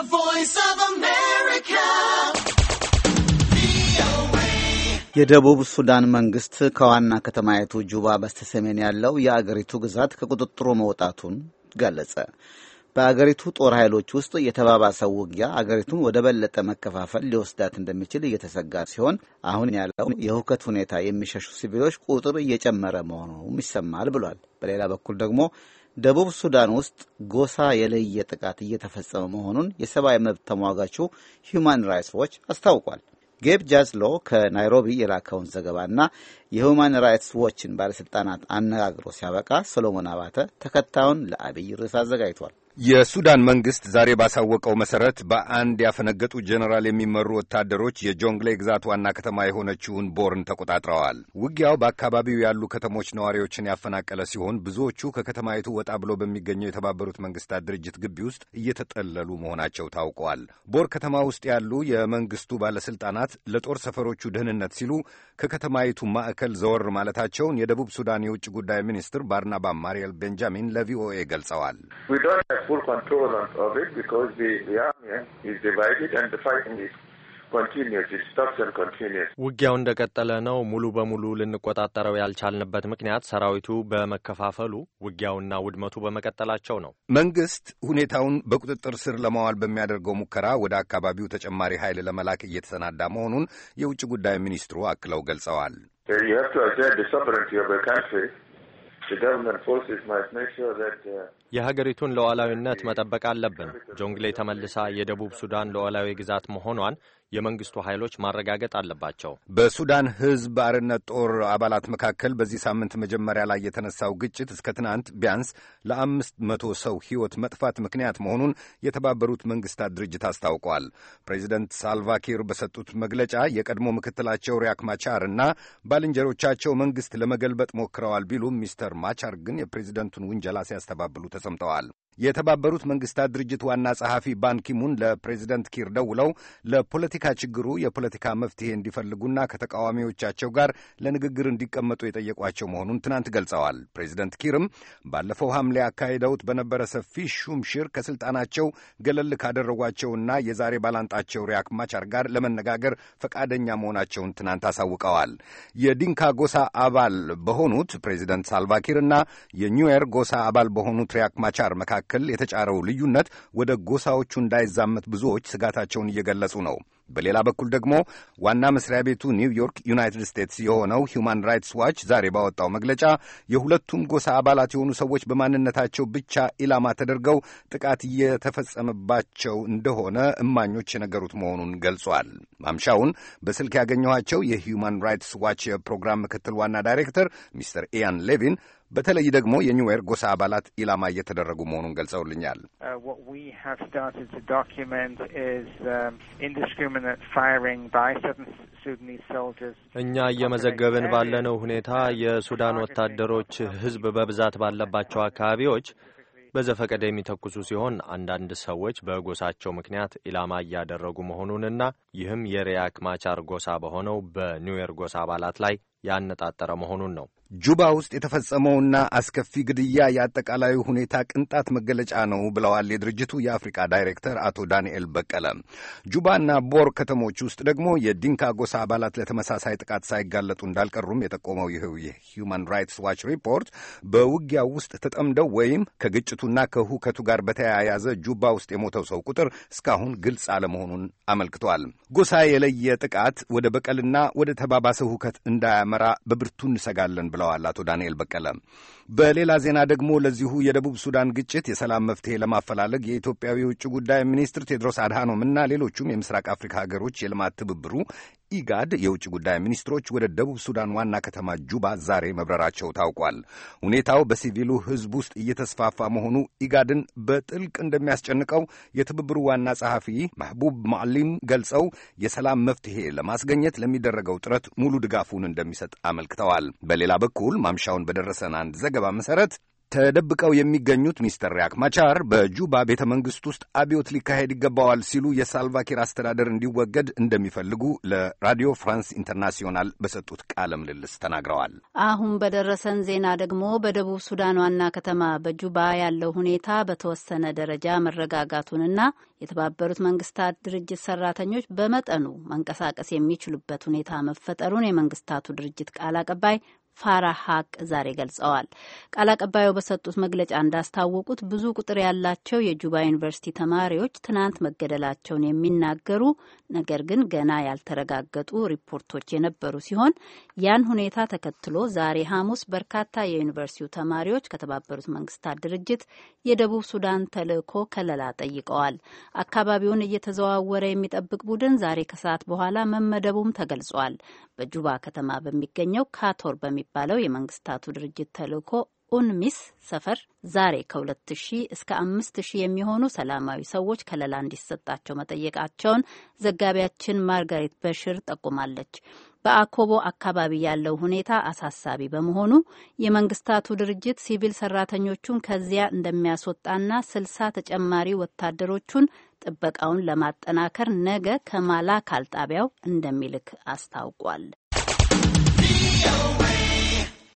The Voice of America. የደቡብ ሱዳን መንግስት ከዋና ከተማይቱ ጁባ በስተሰሜን ያለው የአገሪቱ ግዛት ከቁጥጥሩ መውጣቱን ገለጸ። በአገሪቱ ጦር ኃይሎች ውስጥ የተባባሰው ውጊያ አገሪቱን ወደ በለጠ መከፋፈል ሊወስዳት እንደሚችል እየተሰጋ ሲሆን አሁን ያለው የሁከት ሁኔታ የሚሸሹ ሲቪሎች ቁጥር እየጨመረ መሆኑም ይሰማል ብሏል። በሌላ በኩል ደግሞ ደቡብ ሱዳን ውስጥ ጎሳ የለየ ጥቃት እየተፈጸመ መሆኑን የሰብአዊ መብት ተሟጋቹ ሂውማን ራይትስ ዎች አስታውቋል። ጌብ ጃዝሎ ከናይሮቢ የላከውን ዘገባና የሁማን ራይትስ ዎችን ባለሥልጣናት አነጋግሮ ሲያበቃ ሰሎሞን አባተ ተከታዩን ለአብይ ርዕስ አዘጋጅቷል። የሱዳን መንግስት ዛሬ ባሳወቀው መሰረት በአንድ ያፈነገጡ ጀኔራል የሚመሩ ወታደሮች የጆንግሌ ግዛት ዋና ከተማ የሆነችውን ቦርን ተቆጣጥረዋል። ውጊያው በአካባቢው ያሉ ከተሞች ነዋሪዎችን ያፈናቀለ ሲሆን ብዙዎቹ ከከተማይቱ ወጣ ብሎ በሚገኘው የተባበሩት መንግስታት ድርጅት ግቢ ውስጥ እየተጠለሉ መሆናቸው ታውቋል። ቦር ከተማ ውስጥ ያሉ የመንግስቱ ባለስልጣናት ለጦር ሰፈሮቹ ደህንነት ሲሉ ከከተማይቱ ማዕከል ዘወር ማለታቸውን የደቡብ ሱዳን የውጭ ጉዳይ ሚኒስትር ባርናባ ማሪያል ቤንጃሚን ለቪኦኤ ገልጸዋል። full control of it because the, the army is divided and the fighting is ውጊያው እንደቀጠለ ነው። ሙሉ በሙሉ ልንቆጣጠረው ያልቻልንበት ምክንያት ሰራዊቱ በመከፋፈሉ ውጊያውና ውድመቱ በመቀጠላቸው ነው። መንግስት ሁኔታውን በቁጥጥር ስር ለማዋል በሚያደርገው ሙከራ ወደ አካባቢው ተጨማሪ ኃይል ለመላክ እየተሰናዳ መሆኑን የውጭ ጉዳይ ሚኒስትሩ አክለው ገልጸዋል። የሀገሪቱን ሉዓላዊነት መጠበቅ አለብን። ጆንግሌ ተመልሳ የደቡብ ሱዳን ሉዓላዊ ግዛት መሆኗን የመንግስቱ ኃይሎች ማረጋገጥ አለባቸው። በሱዳን ህዝብ አርነት ጦር አባላት መካከል በዚህ ሳምንት መጀመሪያ ላይ የተነሳው ግጭት እስከ ትናንት ቢያንስ ለአምስት መቶ ሰው ህይወት መጥፋት ምክንያት መሆኑን የተባበሩት መንግስታት ድርጅት አስታውቋል። ፕሬዚደንት ሳልቫኪር በሰጡት መግለጫ የቀድሞ ምክትላቸው ሪያክ ማቻር እና ባልንጀሮቻቸው መንግስት ለመገልበጥ ሞክረዋል ቢሉም ሚስተር ማቻር ግን የፕሬዚደንቱን ውንጀላ ሲያስተባብሉ ተሰምተዋል። የተባበሩት መንግስታት ድርጅት ዋና ጸሐፊ ባንኪሙን ለፕሬዚደንት ኪር ደውለው ለፖለቲካ ችግሩ የፖለቲካ መፍትሄ እንዲፈልጉና ከተቃዋሚዎቻቸው ጋር ለንግግር እንዲቀመጡ የጠየቋቸው መሆኑን ትናንት ገልጸዋል። ፕሬዚደንት ኪርም ባለፈው ሐምሌ አካሄደውት በነበረ ሰፊ ሹምሽር ከስልጣናቸው ገለል ካደረጓቸውና የዛሬ ባላንጣቸው ሪያክ ማቻር ጋር ለመነጋገር ፈቃደኛ መሆናቸውን ትናንት አሳውቀዋል። የዲንካ ጎሳ አባል በሆኑት ፕሬዚደንት ሳልቫኪርና የኒዌር ጎሳ አባል በሆኑት ሪያክ ማቻር መካከል መካከል የተጫረው ልዩነት ወደ ጎሳዎቹ እንዳይዛመት ብዙዎች ስጋታቸውን እየገለጹ ነው። በሌላ በኩል ደግሞ ዋና መስሪያ ቤቱ ኒውዮርክ ዩናይትድ ስቴትስ የሆነው ሁማን ራይትስ ዋች ዛሬ ባወጣው መግለጫ የሁለቱም ጎሳ አባላት የሆኑ ሰዎች በማንነታቸው ብቻ ኢላማ ተደርገው ጥቃት እየተፈጸመባቸው እንደሆነ እማኞች የነገሩት መሆኑን ገልጿል። ማምሻውን በስልክ ያገኘኋቸው የሁማን ራይትስ ዋች የፕሮግራም ምክትል ዋና ዳይሬክተር ሚስተር ኢያን ሌቪን በተለይ ደግሞ የኒውዌር ጎሳ አባላት ኢላማ እየተደረጉ መሆኑን ገልጸውልኛል። uh, um, እኛ እየመዘገብን ባለነው ሁኔታ የሱዳን ወታደሮች ሕዝብ በብዛት ባለባቸው አካባቢዎች በዘፈቀደ የሚተኩሱ ሲሆን አንዳንድ ሰዎች በጎሳቸው ምክንያት ኢላማ እያደረጉ መሆኑንና ይህም የሪያክ ማቻር ጎሳ በሆነው በኒውዌር ጎሳ አባላት ላይ ያነጣጠረ መሆኑን ነው። ጁባ ውስጥ የተፈጸመውና አስከፊ ግድያ የአጠቃላዩ ሁኔታ ቅንጣት መገለጫ ነው ብለዋል የድርጅቱ የአፍሪካ ዳይሬክተር አቶ ዳንኤል በቀለ። ጁባና ቦር ከተሞች ውስጥ ደግሞ የዲንካ ጎሳ አባላት ለተመሳሳይ ጥቃት ሳይጋለጡ እንዳልቀሩም የጠቆመው ይኸው የሂውማን ራይትስ ዋች ሪፖርት በውጊያው ውስጥ ተጠምደው ወይም ከግጭቱና ከሁከቱ ጋር በተያያዘ ጁባ ውስጥ የሞተው ሰው ቁጥር እስካሁን ግልጽ አለመሆኑን አመልክቷል። ጎሳ የለየ ጥቃት ወደ በቀልና ወደ ተባባሰ ሁከት እንዳያ እንዳያመራ በብርቱ እንሰጋለን ብለዋል አቶ ዳንኤል በቀለ። በሌላ ዜና ደግሞ ለዚሁ የደቡብ ሱዳን ግጭት የሰላም መፍትሄ ለማፈላለግ የኢትዮጵያዊ የውጭ ጉዳይ ሚኒስትር ቴድሮስ አድሃኖም እና ሌሎቹም የምስራቅ አፍሪካ ሀገሮች የልማት ትብብሩ ኢጋድ የውጭ ጉዳይ ሚኒስትሮች ወደ ደቡብ ሱዳን ዋና ከተማ ጁባ ዛሬ መብረራቸው ታውቋል። ሁኔታው በሲቪሉ ሕዝብ ውስጥ እየተስፋፋ መሆኑ ኢጋድን በጥልቅ እንደሚያስጨንቀው የትብብሩ ዋና ጸሐፊ ማህቡብ ማዕሊም ገልጸው የሰላም መፍትሄ ለማስገኘት ለሚደረገው ጥረት ሙሉ ድጋፉን እንደሚሰጥ አመልክተዋል። በሌላ በኩል ማምሻውን በደረሰን አንድ ዘገባ መሠረት ተደብቀው የሚገኙት ሚስተር ሪያክ ማቻር በጁባ ቤተ መንግሥት ውስጥ አብዮት ሊካሄድ ይገባዋል ሲሉ የሳልቫኪር አስተዳደር እንዲወገድ እንደሚፈልጉ ለራዲዮ ፍራንስ ኢንተርናሲዮናል በሰጡት ቃለ ምልልስ ተናግረዋል። አሁን በደረሰን ዜና ደግሞ በደቡብ ሱዳን ዋና ከተማ በጁባ ያለው ሁኔታ በተወሰነ ደረጃ መረጋጋቱንና የተባበሩት መንግስታት ድርጅት ሰራተኞች በመጠኑ መንቀሳቀስ የሚችሉበት ሁኔታ መፈጠሩን የመንግስታቱ ድርጅት ቃል አቀባይ ፋራ ሀቅ ዛሬ ገልጸዋል። ቃል አቀባዩ በሰጡት መግለጫ እንዳስታወቁት ብዙ ቁጥር ያላቸው የጁባ ዩኒቨርሲቲ ተማሪዎች ትናንት መገደላቸውን የሚናገሩ ነገር ግን ገና ያልተረጋገጡ ሪፖርቶች የነበሩ ሲሆን ያን ሁኔታ ተከትሎ ዛሬ ሐሙስ በርካታ የዩኒቨርሲቲው ተማሪዎች ከተባበሩት መንግስታት ድርጅት የደቡብ ሱዳን ተልእኮ ከለላ ጠይቀዋል። አካባቢውን እየተዘዋወረ የሚጠብቅ ቡድን ዛሬ ከሰዓት በኋላ መመደቡም ተገልጿል። በጁባ ከተማ በሚገኘው ካቶር በሚ የሚባለው የመንግስታቱ ድርጅት ተልእኮ ኡንሚስ ሰፈር ዛሬ ከ ሺህ እስከ አምስት ሺህ የሚሆኑ ሰላማዊ ሰዎች ከለላ እንዲሰጣቸው መጠየቃቸውን ዘጋቢያችን ማርጋሬት በሽር ጠቁማለች። በአኮቦ አካባቢ ያለው ሁኔታ አሳሳቢ በመሆኑ የመንግስታቱ ድርጅት ሲቪል ሰራተኞቹን ከዚያ እንደሚያስወጣና ስልሳ ተጨማሪ ወታደሮቹን ጥበቃውን ለማጠናከር ነገ ከማላካል ጣቢያው እንደሚልክ አስታውቋል።